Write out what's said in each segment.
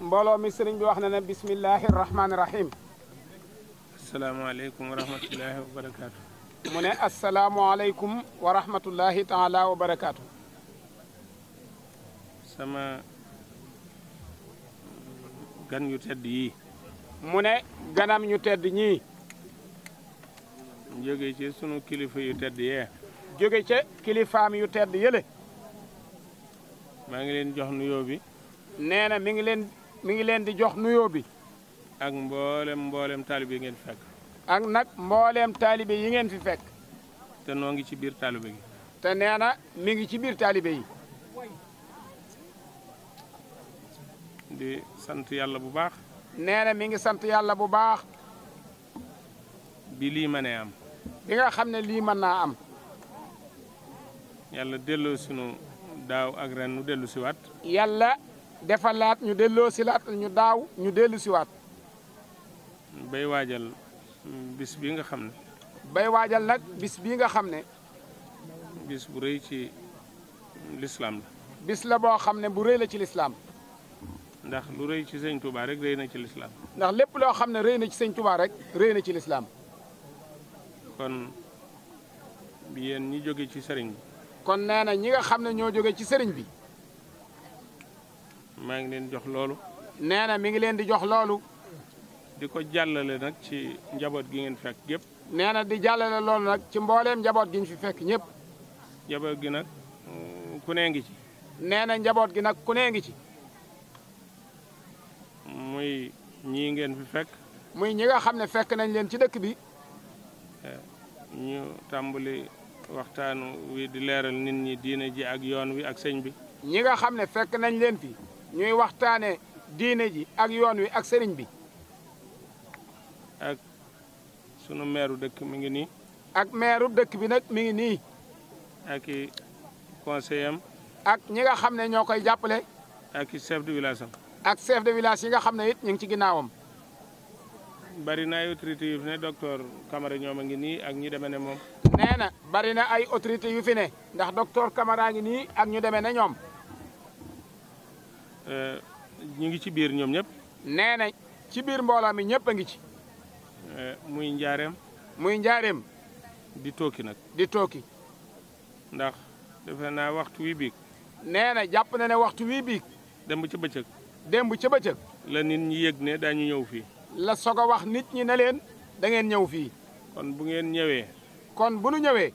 mbooloo mi sëriñ bi wax na ne bismillahi rahmaani rahim. asalaamaaleykum wa barakaatu. mu ne asalaamualeykum wa rahmatullahi taala wa barakaatu. sama gan yu tedd yi mu ne ganam ñu tedd ñii. jóge ci sunu kilifa yu tedd yee. jóge ca kilifaam yu tedd yële. maa ngi leen jox nuyoo bi. nee na mi ngi leen mi ngi leen di jox nuyoo bi. ak mboolem mboolem taalibe yi ngeen fi fekk. ak nag mboolem taalibe yi ngeen fi fekk. te noo ngi ci biir taalibe gi. te nee mi ngi ci biir taalibe yi. di sant yàlla bu baax. nee mi ngi sant yàlla bu baax. bi lii mënee am. bi nga xam ne lii mën naa am. yàlla delloo sunu daaw ak ren nu dellu si yàlla defalaat ñu delloo si silaat ñu daaw ñu dellu siwaat bay waajal bis bi nga xam ne bay waajal nag bis bii nga xam ne bis bu rëy ci lislaam bis la boo xam ne bu rëy la ci lislaam ndax lu rëy ci sëñ Touba rek rëy na ci lislaam ndax lépp loo xam ne rëy na ci sëñ Touba rek rëy na ci lislaam kon bi yéen ñi jóge ci sëriñ bi kon nee na ñi nga xam ne ñoo jóge ci sëriñ bi maa ngi leen jox loolu. nee na mi ngi leen di jox loolu. di ko jàllale nag ci njaboot gi ngeen fekk yëpp. nee na di jàllale loolu nag ci mbooleem njaboot gi ñu fi fekk ñëpp. njaboot gi nag mm, ku nee ngi ci. nee na njaboot gi nag ku nee ngi ci. muy ñii ngeen fekk. muy ñi nga xam ne fekk nañ leen ci dëkk bi. Eh, ñu tàmbali waxtaanu wi di leeral nit ñi diina ji ak yoon wi ak sëñ bi. ñi nga xam ne fekk nañ leen fi. ñuy waxtaane diine ji ak yoon wi ak sëriñ bi ak sunu meeru dëkk mi ngi nii ak meeru dëkk bi nag mi ngi nii ak i ak ñi nga xam ne ñoo koy jàppale ak i chef de village ak chef de village yi nga xam ne it ñu ngi ci ginnaawam bari na ay autorité yu fi ne docteur Camara ñoom a ngi nii ak ñu demee ne moom nee na bari na ay autorité yu fi ne ndax docteur Camara ngi nii ak ñu demee ne ñoom ñu ngi ci biir ñoom ñëpp. nee ci biir mbooloo mi ñëpp a ngi ci. Eh, muy njaareem. muy njaareem. di tooki nag. di tooki. ndax defe naa waxtu wi biig. nee na jàpp na ne waxtu wii biig. démb ci bëccëg. démb ca bëccëg. la nit ñi yëg ne daañu ñëw fii. la soog a wax nit ñi ne leen da ngeen ñëw fii. kon bu ngeen ñëwee. kon bu nu ñëwee.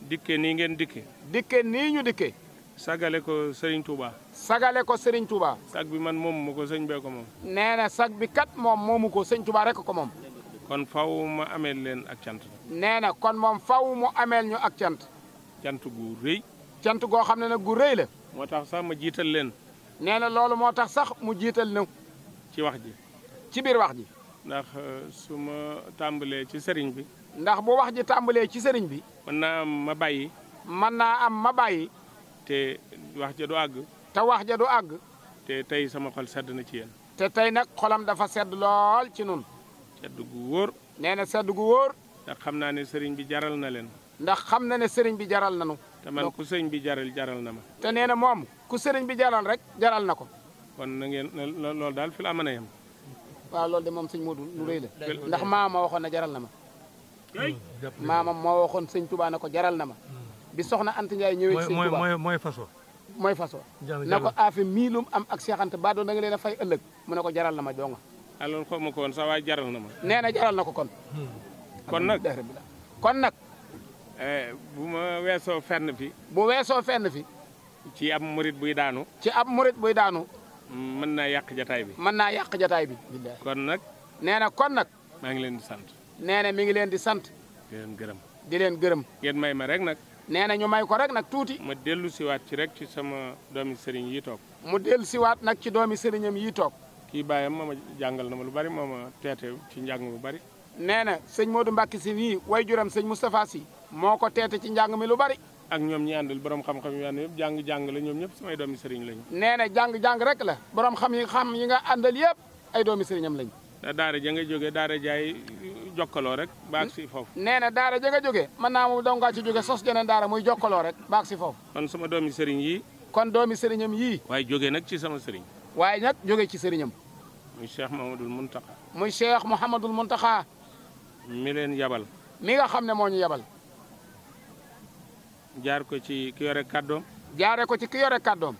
dikke nii ngeen dikke. dikke nii ñu dikke. sagale ko Serigne Touba. sagale ko Serigne Touba. sag bi man moom mu ko sëñ bee ko moom. nee na sag bi kat moom moomu ko sëñ Touba rek ko moom. kon faw ma ameel leen ak cant. nee kon moom faw mu ameel ñu ak cant. cant gu rëy. cant goo xam ne nag gu rëy la. moo tax sax ma jiital leen. nee loolu moo tax sax mu jiital na ci wax ji. ci biir wax ji. ndax euh, su ma tàmbalee ci sëriñ bi. ndax bu wax ji tàmbalee ci sëriñ bi. mën na am ma bàyyi. mën naa am ma bàyyi. te wax ja du àgg. te wax ja du àgg. te tey sama xol sedd na ci yéen. te tey nag xolam dafa sedd lool ci nun sedd gu wóor. nee na sedd gu wóor. ndax xam naa ne sëriñ bi jaral na leen. ndax xam na ne sëriñ bi jaral na nu. te man ku sëriñ bi jaral jaral na ma. te nee na moom ku seriñ bi jaral rek jaral na ko. kon na ngeen loolu daal fi la mën a yem. waaw lool de moom sëñ Modou lu rëy la. ndax maama waxoon na jaral na ma. maama moo waxoon sëñ Touba na ko jaral na ma. bi soxna Anta Ndiaye ñëwee ci sëñ Touba mooy mooy mooy faso na ko aafe mii lu am ak seexante ba doon da leen a fay ëllëg mu ne ko jaral na ma jonga ah loolu xaw ma ko woon sax jaral na ma nee na jaral na ko kon hmm. kon nag kon nag eh, bu ma weesoo fenn fi bu weesoo fenn fi ci ab murit buy daanu ci ab murit buy daanu mën na yàq jataay bi mën naa yàq jataay bi kon nag nee na kon nag maa ngi leen di sant nee na mi ngi leen di sant di leen gërëm di leen gërëm ngeen may ma rek nag nee na ñu may ko rek nag tuuti. ma dellu siwaat ci rek ci sama doomi sëriñ yi toog. mu dellu siwaat nag ci doomi sëriñam yi toog. kii baayam ma ma jàngal na ma lu bari ma ma teete ci njàng lu bari. nee na sëñ Modou Mbacke si nii way juram sëñ Moustapha si. moo ko teete ci njàng mi lu bari. ak ñoom ñi àndal borom xam-xam yi ànd yëpp jàng-jàng la ñoom ñëpp samay doomi sëriñ lañ nee na jàng-jàng rek la. borom xam yi xam yi nga àndal yëpp ay doomi sëriñam lañu. daara ja nga jógee daara jaay jokkaloo rek baag si foofu nee na daara ja nga jóge mën naa moom dongaa ci jóge sos jeneen daara muy jokkaloo rek baag si foofu kon sama doomi sëriñ yi kon doomi sëriñam yii waaye jóge nag ci sama sëriñ waaye nag jóge ci sëriñam muy cheikh Mouhamadul Mountakha muy cheikh Mouhamadul Mountakha mi leen yabal mi nga xam ne moo ñu yabal jaar ko ci ki yore kàddoom jaare ko ci ki yore kàddoom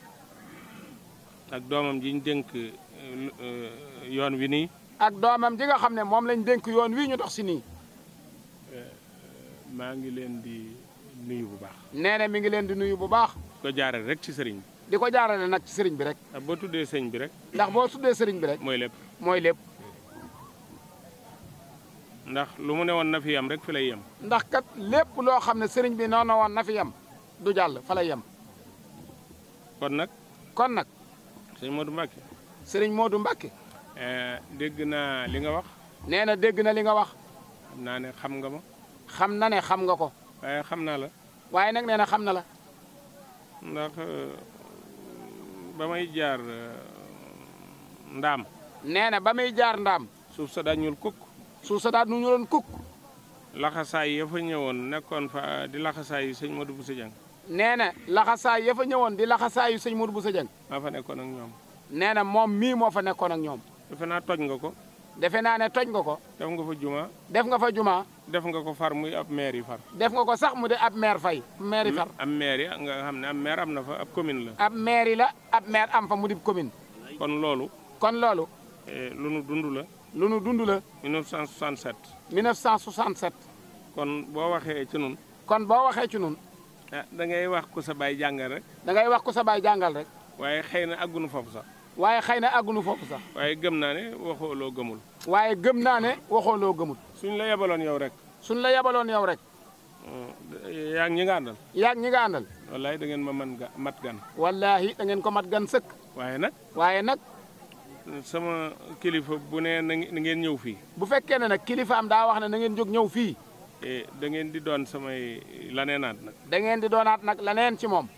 ak doomam ji dénk euh, yoon wi nii ak doomam ji nga xam ne moom lañ dénk yoon wii ñu dox si nii. maa ngi leen di nuyu bu baax. nee na mi ngi leen di nuyu bu baax. ko jaarale rek ci sëriñ bi. di ko jaarale nag ci sëriñ bi rek. ndax ah, boo tuddee sëriñ bi rek. ndax boo tuddee sëriñ bi rek. mooy lépp mooy lépp. ndax lu mu ne woon na fi yem rek fi lay yem. ndax kat lépp loo xam ne sëriñ bi noonu woon na fi yem du jàll fa lay yem. kon nag. kon nag. sëriñ Modou Mbacke. sëriñ Modou Mbacke. Eh, dégg naa li nga wax. nee na dégg na li nga wax. xam naa ne xam nga ma. xam na ne xam nga ko. waaye eh, xam naa la. waaye nag nee na xam na la. ndax eh, ba may jaar ndaam. nee na ba may jaar ndaam. suuf sa daa ñuul kuk suuf sa daa nu ñuuloon kukk. laxasaay ya fa ñëwoon nekkoon fa di laxasaay yu sëñ Modou Boussa Dieng. nee na laxasaay ya fa ñëwoon di laxasaay yu sëñ Modou Boussa Dieng. maa fa nekkoon ak ñoom. nee na moom mii moo fa nekkoon ak ñoom. defe naa toj nga ko. defe naa ne toj nga ko. def nga fa juma. def nga fa def nga ko far muy ab maire yi far. def nga ko sax mu de ab maire fay. maire yi far ab maire yi nga xam ne ab maire am na fa ab commune la. ab maire yi la ab maire am fa mu di commune. kon loolu. kon loolu. Eh, lu nu dund la. lu nu dund la. 1967. 1967. kon boo waxee ci nun kon boo waxee ci nun ah da ngay wax ku sa baay jàngal rek. da ngay wax ku sa baay jàngal rek. waaye xëy na àggunu foofu sax. waaye xëy na àggunu foofu sax. waaye gëm naa ne waxoo gëmul. waaye gëm naa ne waxoo loo gëmul. suñ la yabaloon yow rek. suñ la yabaloon yow rek. yaa ngi ñi nga àndal. yaa ñi nga àndal. wallaahi da ngeen ma man ga mat gan. wallaahi da ngeen ko mat gan sëkk. waaye nag. waaye nag. sama kilifa bu nee na ngeen ñëw fii. bu fekkee ne nag kilifa am daa wax ne na ngeen jóg ñëw fii. E, da ngeen di doon samay laneenaat nag. da ngeen di doonaat nag laneen ci moom.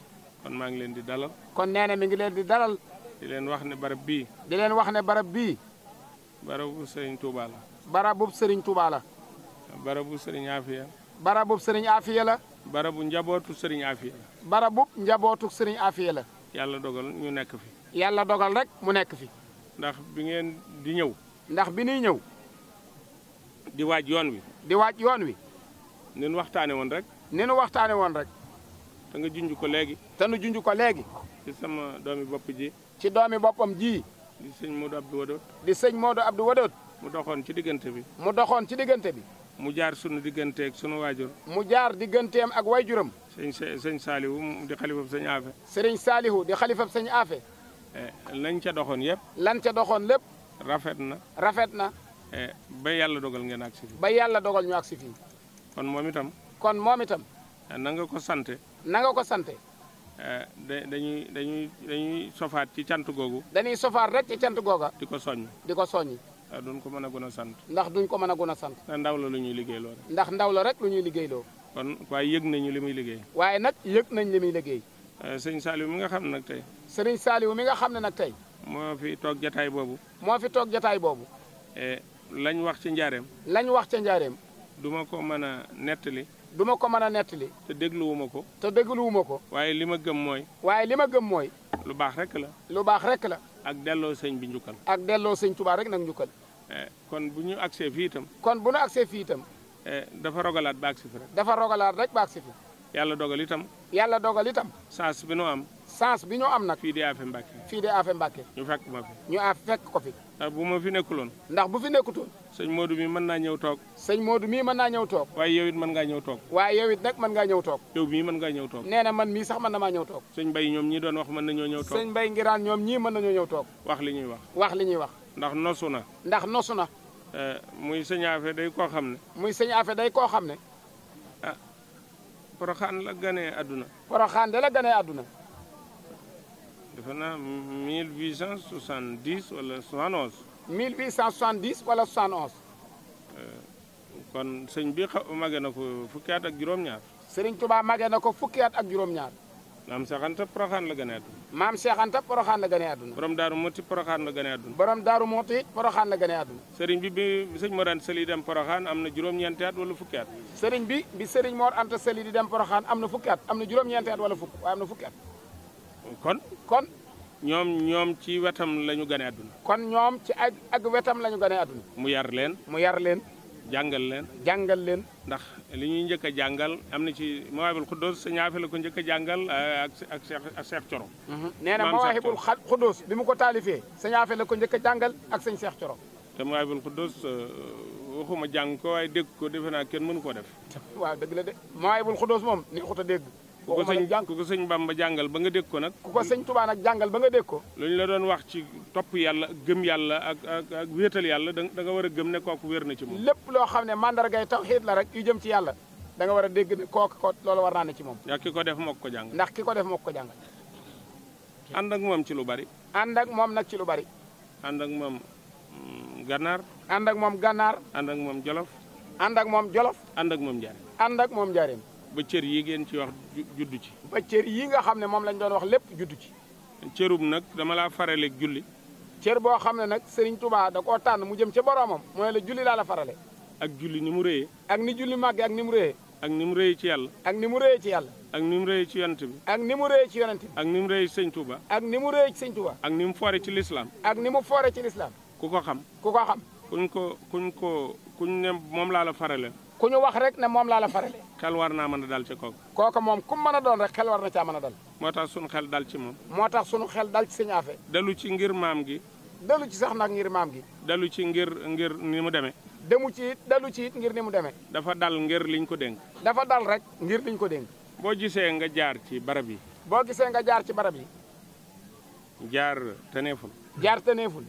kon maa ngi leen di dalal. kon nee mi ngi leen di leen wax ne barab bii. di leen wax ne barab bii. barabu Serigne Touba la. barabu Serigne Touba la. barabu Serigne Afia. barabu Serigne Afia la. barabu njabootu Serigne Afia njabootu Serigne Afia la. yàlla dogal ñu nekk fi. yàlla dogal rek mu nekk fi. ndax bi ngeen di ñëw. ndax bi nuy ñëw. di waaj yoon wi. di waaj yoon wi. ni nu waxtaane woon rek. ni waxtaane woon rek. te nga junj ko léegi. te nu ko léegi. ci sama doomi bopp ji. ci doomi boppam ji. di sëñ Modou Abdou Wadoot. di sëñ ab Abdou Wadoot. mu doxoon ci diggante bi. mu doxoon ci diggante bi. mu jaar sunu digganteeg sunu waajur. mu jaar digganteem ak waajuram. sëñ sëñ Saalihu di xalifab sëñ Afe. sëriñ Saalihu di xalifab sëñ Afe. E, lañ ca doxoon yëpp. lan ca doxoon lépp. rafet na. rafet na. E, ba yàlla dogal ngeen ak si fii. ba yàlla dogal ñu ak si kon moom itam. kon moom itam. E, na nga ko sante. na nga ko sante. Eh, dañuy dañuy dañuy sofaat ci cant googu. dañuy sofaat rek ci cant googa. di ko soññ. di ko soññ. ndax ah, duñ ko mën a gën a sant. ndax duñ ko mën a gën a sant. ndax ndaw la lu ñuy liggéeyloo rek. ndax ndaw la rek lu ñuy liggéeyloo. kon waaye yëg nañu li muy liggéey. waaye nag yëg nañ li muy liggéey. Eh, sëñ Saliou mi nga xam nag tey. sëriñ Saliou mi nga xam ne nag tey. moo fi toog jataay boobu. moo fi toog jataay boobu. e lañ wax ci njaareem. lañ wax ca njaareem. du ma ko mën a nettali. du ma ko mën a nettali. te dégluwuma ko. te dégluwuma ko. waaye li ma gëm mooy. waaye li ma gëm mooy. lu baax rek la. lu baax rek la. ak delloo sëñ bi njukkal. ak delloo sëñ tubaar rek nag njukkal. Eh, kon bu ñu agsee fii itam. kon bu ñu agsee fii itam. Eh, dafa rogalaat ba agsi fi rek. dafa rogalaat rek ba agsi fi. yàlla dogal itam. yàlla dogal itam. chance bi nu am. chance bi ñoo am nag. fii de Afe Mbacke. fii de Afe Mbacke. ñu fekk ma fi. ñu a fekk ko fi. ndax bu ma fi nekkuloon. ndax bu fi nekkutoon. sëñ Modou mii mën naa ñëw toog. sëñ moodu mii mën naa ñëw toog. waaye yow it mën ngaa ñëw toog. waaye yow it nag mën ngaa ñëw toog. yow mii mën ngaa ñëw toog. nee na man mii sax mën na maa ñëw toog. sëñ Mbaye ñoom ñii doon wax mën nañoo ñëw toog. sëñ Mbaye Ngiraan ñoom ñii mën nañoo ñëw toog. wax li ñuy wax. wax li ñuy wax. ndax nosu na. ndax nosu na. Eh, muy sëñ Afe day koo xam ne. muy sëñ Afe day koo xam ne. ah poroxaan àdduna. poroxaan de la àdduna defe mille 1870 wala 71. 1870 wala 71. Euh, kon sëñ bi xa mage na ko fukki at ak juróom-ñaar. Serigne na ko fukki at ak juróom-ñaar. maam Cheikh Anta Porokhane la gane àdduna. maam Cheikh Anta Porokhane la gane àdduna. borom Daaru Moti Porokhane la gane àdduna. borom Daaru Moti Porokhane la gane àdduna. Serigne bi bi sëñ Mor Anta Sali dem Porokhane am na juróom-ñeenti at wala fukki bi bi Serigne Mor Anta Sali di dem Porokhane am na fukki at am na juróom-ñeenti wala fukk na fukki at. kon kon. ñoom ñoom ci wetam lañu gane àdduna kon ñoom ci ak ak wetam la ñu gane mu yar leen mu yar leen jàngal leen jàngal leen ndax li ñuy njëkk a jàngal am na ci mawaahibul xuddoos sa ñaafe la ko njëkk jàngal ak ak ak mhm. nee na mawaahibul xuddoos bi mu ko taalifee sa ñaafe la ko njëkk a jàngal ak sëñ Cheikh Coro te mawaahibul xuddoos euh, waxuma jàng ko waaye dégg ko defe naa kenn mënu koo def waaw dëgg la de mawaahibul xuddoos moom ni xuta dégg ku ko sëñ ku ko sëñ Bamba jàngal ba nga dég ko nag ku ko sëñ Tuubaa jàngal ba nga dégg ko lu ñu la doon wax ci topp yàlla gëm yàlla ak ak ak wéetal yàlla da war a gëm ne kooku wéer na ci moom lépp loo xam ne tax tawhiid la rek yu jëm ci yàlla danga war a dégg ne kooku ko loolu war naa ne ci moom ndax ki ko def moo ko jàngal ndax ki ko def moo ko jàngal ànd ak moom ci lu bari ànd ak moom nag ci lu bari ànd ak moom mm, gànnaar ànd ak moom gànnaar ànd ak moom jolof ànd ak moom jolof ànd ak moom njaareem ànd ak moom njaareem ba cër yi ngeen ci wax juddu ci. ba cër yi nga xam ne moom lañ doon wax lépp juddu ci. cërub nag dama laa farale julli. cër boo xam ne nag Serigne Touba da koo tànn mu jëm ca boroomam mooy la julli laa la farale. ak julli ni mu rëyee. ak ni julli màggee ak ni ak ni mu rëyee ci yàlla. ak ni mu rëyee ci yàlla. ak ni mu rëyee ci yonent bi. ak ni mu rëyee ci yonent ak ni mu rëyee ci Sëñ Touba. ak ni mu rëyee ci Sëñ Touba. ak ni mu foore ci lislaam. ak ni mu foore ci lislaam. ku xam. ku ko xam. kuñ ko kuñ ko kuñ moom laa la ku ñu wax rek ne moom laa la farale xel war naa mën a dal ci kooku kooku moom ku mën a doon rek xel war na caa mën a dal moo tax sunu xel dal ci moom moo tax sunu xel dal ci sëñ Afe dalu ci ngir maam gi dalu ci sax nag ngir maam gi dalu ci ngir ngir ni mu demee demu ci it ci ngir ni mu demee dafa dal ngir liñ ko dénk dafa dal rek ngir liñ ko dénk boo gisee nga jaar ci barab yi boo gisee nga jaar ci barab yi jaar teneeful jaar teneeful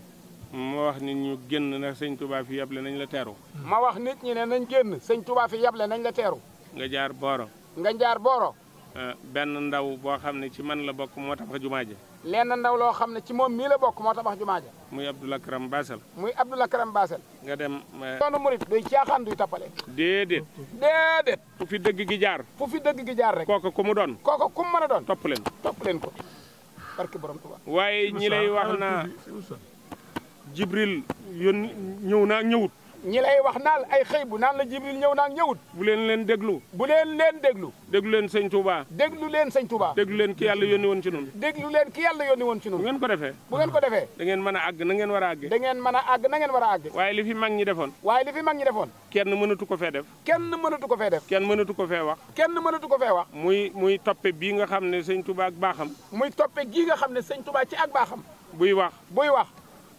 ma wax nit ñu génn na sëñ Touba fi yable nañ la teeru. ma wax nit ñi ne nañ génn sëñ Touba fi yable nañ la teeru. nga jaar Booro. nga jaar Booro. Eh, benn ndaw boo xam ne ci man la bokk moo tabax jumaa ja. lenn ndaw loo xam ne ci moom mii la bokk moo tabax jumaa ja. muy Abdou Lakram Basel. muy Abdou Lakram Basel. nga dem. Eh, yoonu murit day caaxaan duy tappale. déedéet. déedéet. fu fi dëgg gi jaar. fu fi dëgg gi jaar rek. kooka ku mu doon. kooka ku mu mën a doon. topp leen ko topp leen waaye ñi lay wax na jibril yón ñëw naa ñëwut ñi lay wax naal ay xëy bu naan la jibril ñëw naa ñëwut bu leen leen déglu bu leen leen déglu déglu leen sëñ Touba déglu leen sëñ Touba déglu leen ki yàlla yónni woon ci noonu déglu leen ki yàlla yónni woon ci noonu bu ngeen ko defee bu ngeen ko defee da ngeen mën a àgg na ngeen war a àgg da ngeen mën a àgg na war a àgg waaye li fi mag ñi defoon waaye li fi mag ñi defoon kenn mënatu ko fee def kenn mënatu ko fee def kenn mënatu ko fee wax kenn mënatu ko fee wax muy muy toppe bii nga xam ne sëñ Touba ak baaxam muy toppe gii nga xam ne sëñ Touba ci ak baaxam buy wax buy wax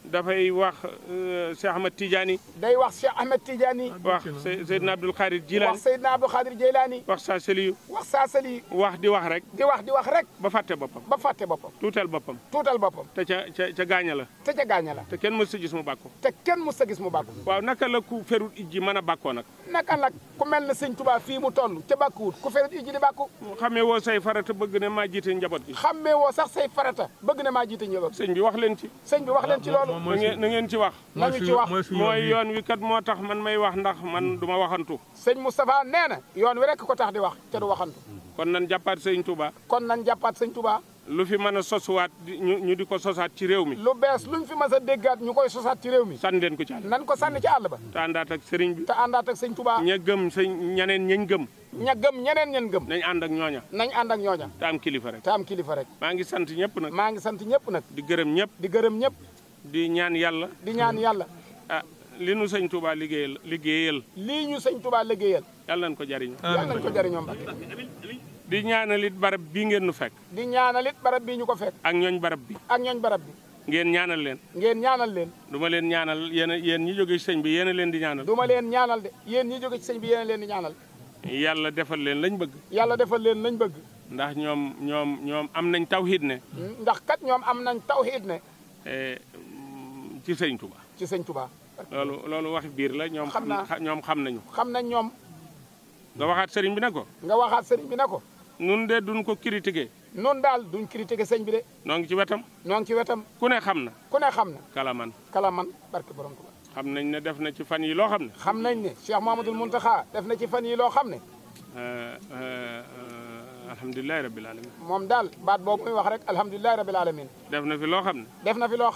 dafay wax euh, Cheikh Ahmed Tidiane. day wax Cheikh Ahmed Tidiane. wax Seydina Abdoul Khadir Jilani. wax Seydina Abdoul Khadir Jilani. wax saa seliyu. wax saa seliyu. wax di wax rek. di wax di wax rek. ba fàtte boppam. ba fàtte boppam. tuutal boppam. tuutal boppam. te ca ca ca gaaña la. te ca gaaña la. te kenn mës sa gis mu bàkko. te kenn mës sa gis mu bàkko. waaw naka la ku ferut ijji mën a bàkkoo nag. naka la ku mel ne sëñ Tuubaa fii mu toll ca bàkkuwut ku ferut ijji di bàkku. xamee woo say farata bëgg ne maa jiite njaboot gi. xamee woo sax say farata bëgg ne maa jiite njaboot. sëñ bi wax leen ci. sëñ bi wax leen ci loolu nu ngeen ci wax lañu ci wax mooy yoon wi kat moo tax man may wax ndax man mm-hmm. du ma waxantu sëñ Moustapha nee na yoon wi rek ko tax di wax te du waxantu mm-hmm. kon nan jàppaat sëñ Touba kon nan jàppaat sëñ Touba lu fi mën a sosuwaat ñu di ko sosaat ci réew mi lu bees luñ fi mës a déggaat ñu koy sosaat ci réew mi sànni leen ko ci àll ko sànni ci àll ba te àndaat ak sëriñ bi te àndaat ak sëñ Touba ña gëm sëñ ñeneen ñañ gëm ña gëm ñeneen ñen gëm nañ ànd ak ñooña nañ ànd ak ñooña te am kilifa rek te am kilifa rek maa ngi sant ñëpp nag maa ngi sant ñëpp nag di gërëm ñëpp di gërëm ñëpp di ñaan yàlla. di ñaan yàlla. ah li nu sëñ Touba liggéeyal liggéeyal. lii ñu sëñ Touba liggéeyal. yàlla nañ ko jariñoo. yàlla nañ ko jariñoo Mbacke. di ñaanalit barab bii ngeen nu fekk. di ñaanalit barab bi ñu ko fekk. ak ñooñ barab bi. ak ñooñ barab bi. ngeen ñaanal leen. ngeen ñaanal leen. du ma leen ñaanal yéen yéen ñi jóge ci bi yéen a leen di ñaanal. du ma leen ñaanal yéen ñi jóge ci sëñ bi yéen a leen yàlla defal leen lañ bëgg. yàlla defal leen lañ bëgg. ndax ñoom ñoom ñoom am nañ tawhid ne. ndax kat ñoom am nañ tawhid ne. Eh, ci sëñ Touba. ci sëñ Touba. loolu waxi biir la ñoom. xam naa ñoom xam nañu. xam nañ ñoom. nga waxaat sëriñ bi ne ko. nga waxaat sëriñ bi ne ko. nun de duñ ko critiqué. noonu daal duñ critiqué sëñ bi de. noo ci wetam. noo ci wetam. ku ne xam na. ku ne xam na. kala man kala man barke borom Touba. xam nañ ne def na ci fan yi loo xam ne. xam nañ ne Cheikh Mouhamadoul taxa def na ci fan yi loo xam ne. Euh, euh, alhamdulilah rabil alamin moom daal baat boobu muy wax rek alhamdulilah rabil alamin def na fi loo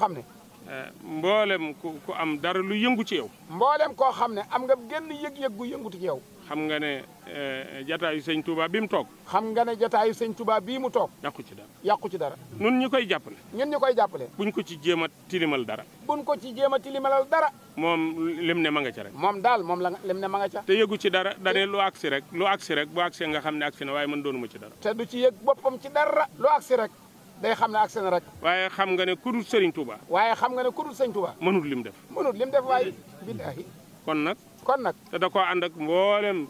mboolem ku am dara lu yëngu ci yow. mboolem koo xam ne am nga genn yëg-yëg gu yëngutu ci yow. xam nga ne eh, jataayu sëñ Touba bi mu toog. xam nga ne jataayu sëñ Touba bii mu toog. yàqu ci dara yàqu ci dara. nun ñu koy jàppale. ñun ñu koy jàppale. buñ ko ci jéem a tilimal dara. buñ ko ci jéem a tilimalal dara. moom lim ne ma nga ca rek. moom daal moom la lim ne ma nga ca. te yëgu ci dara dane lu agsi rek lu agsi rek bu agsee nga xam ne agsi na waaye man doonu ma ci dara. te du ci yëg boppam ci dara. lu agsi rek. day xam ne ak seen rek waaye xam nga ne ku dul sëriñ Touba waaye xam nga ne ku dul sëriñ Touba mënut lim def mënut lim def waaye billaahi kon nag kon nag te da koo ànd ak mboolem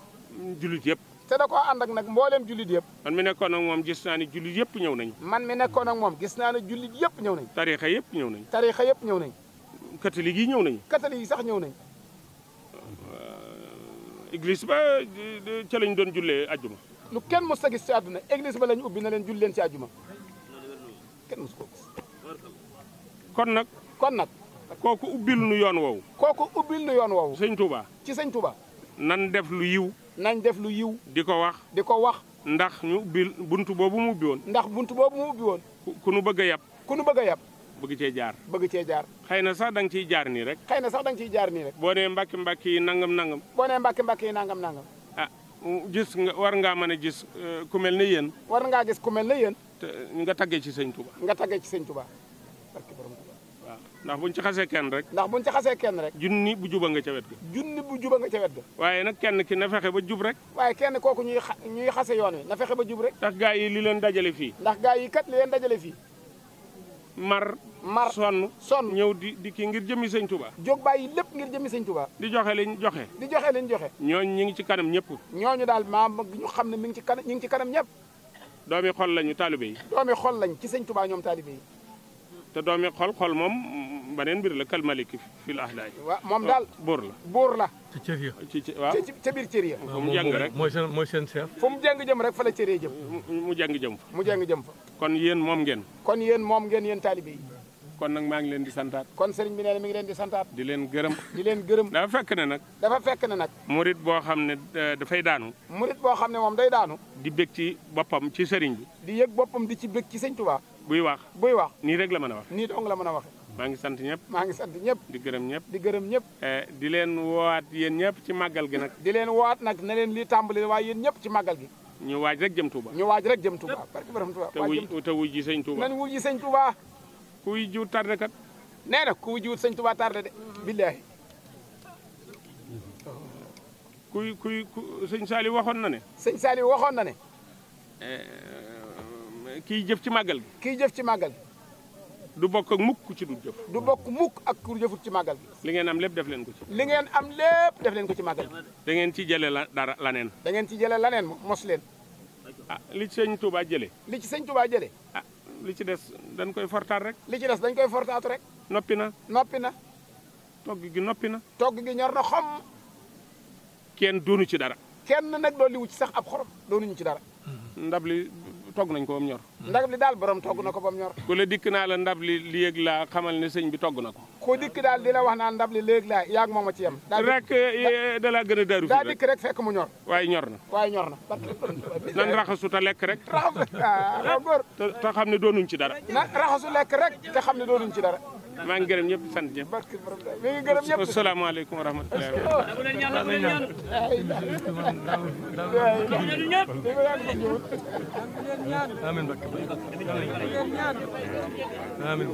jullit yëpp te da koo ànd ak nag mboolem jullit yëpp man mi nekkoon ak moom gis naa ne jullit yëpp ñëw nañu man mi nekkoon ak moom gis naa ne jullit yëpp ñëw nañ tarixa yëpp ñëw nañ tarixa yëpp ñëw nañ catholique yi ñëw nañu catholique yi sax ñëw nañ euh, église ba euh, ca lañ doon jullee ajjuma lu kenn mu a gis ci àdduna église ba lañu ubbi na leen julli leen ci ajjuma kenn kon nag. kon nag. kooku ubbil nu yoon woowu. kooku ubbil nu yoon woowu. sëñ Touba. ci sëñ Touba. nan def lu yiw. nañ def lu yiw. di ko wax. di ko wax. ndax ñu ubbil buntu boobu mu ubbi ndax bunt boobu mu ubbi woon. ku nu bëgg a yab. ku nu bëgg a yab. bëgg cee jaar bëgg cee jaar xëy na sax da nga ciy jaar nii rek xëy na sax da nga ciy jaar nii rek boo nee mbàkki mbàkki yi nangam nangam boo nee mbàkki yi nangam nangam ah gis nga war ngaa mën a gis euh, ku mel ne yéen war ngaa gis ku mel ne yéen nga taggee ci sëñ Touba. nga taggee ci sëñ Touba barki borom ndax buñ ci xasee kenn rek. ndax buñ ci xasee kenn rek. junni bu juba nga ca wet ga. junni bu juba nga ca wet ga. waaye nag kenn ki na fexe ba jub rek. waaye kenn kooku ñuy xa ñuy xase yoon wi na fexe ba jub rek. ndax gaa yi li leen dajale fii. ndax gaa yi kat li leen dajale fii. mar. mar sonn sonn ñëw di di kii ngir jëmi sëñ Touba. jóg bàyyi lépp ngir jëmi sëñ Touba. di joxe liñ joxe. di joxe liñ joxe. ñooñu ñu ngi ci kanam ñëpp. ñooñu daal maam ñu xam ne mi ngi ci kanam ñu ngi ci kanam ñëpp doomi xol lañu taalibe yi. doomi xol lañ ci sëñ Touba ñoom taalibe yi. te doomi xol xol moom beneen mbir la kal malik fil ahlaay. waa moom daal oh, buur la buur la. ci cër ya ci ci waaw ca biir cër ya. mu jàng rek mooy seen mooy seen chef. fu mu jàng jëm rek fa la jëm. mu jàng jëm fa. mu jàng jëm kon yéen moom ngeen. kon yéen moom ngeen yéen taalibe yi. kon nag maa ngi leen di santaat kon sëriñ bi nee na mi ngi leen di santaat di leen gërëm di leen gërëm dafa fekk ne nag fekk ne nag murit boo xam ne eh, dafay daanu murit boo xam ne moom day daanu di bég ci boppam ci sëriñ bi di yëg boppam di ci bég ci sëñ Tuubaa buy wax buy wax nii rek la mën a wax nii dong la mën a wax maa ngi sant ñëpp maa ngi sant ñëpp di gërëm ñëpp di gërëm ñëpp eh, di leen woowaat yéen ñëpp ci màggal gi nag di leen woowaat nag ne leen lii tàmbali waaye yéen ñëpp ci màggal gi ñu waaj rek jëm Touba ñu waaj rek jëm Touba barke ku juut tardé kat nee ku kuy juut sëñ Tuubaa tardé de billaahi kuy ku sëñ Saliou waxoon na ne sëñ Saliou waxoon na ne ehm, kii jëf ci màggal gi kiy jëf ci màggal du bokk ak mukk ku ci dul jëf du bokk mukk ak ku jëfut ci màggal gi li ngeen am lépp def leen ko ci li ngeen am lépp def ko ci màggal gi da ngeen ci jële la dara laneen da ngeen ci jële laneen mos leen ah li ci sëñ Touba jële li ci sëñ Touba jële ah li ci des dañ koy fortaat rek. li ci des dañ koy fortaatu rek. noppi na noppi na. togg gi noppi na. togg gi ñor na xom. kenn doonu ci dara. kenn nag dool liwu ci sax ab xorom doonuñu ci dara. ndab li togg nañ ko ba mu ñor. ndab li daal borom togg na ko ba mu ñor. ku la dikk naa la ndab li li yëg laa xamal ne sëñ bi togg na ko. ku dikk daal di la wax naan ndab li léegi laa yaag moom a ci yem. daal rek eh, eh, da gën a daaru daa dikk rek fekk mu ñor. waaye ñor na waaye ñor na. nan raxasu ta lekk rek. raxasu ah góor. xam ne doonuñ ci dara. na raxasu lekk rek te xam ne doonuñ ci dara. maa ngi gërëm ñëpp sant ñëpp. asalaamaaleykum wa rahmatulah. amiin bakk amiin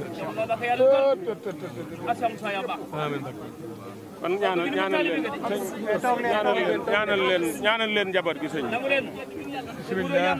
bakk kon ñaanal ñaanal leen ñaanal leen ñaanal leen ñaanal leen njaboot gi sëñ. bisimilah.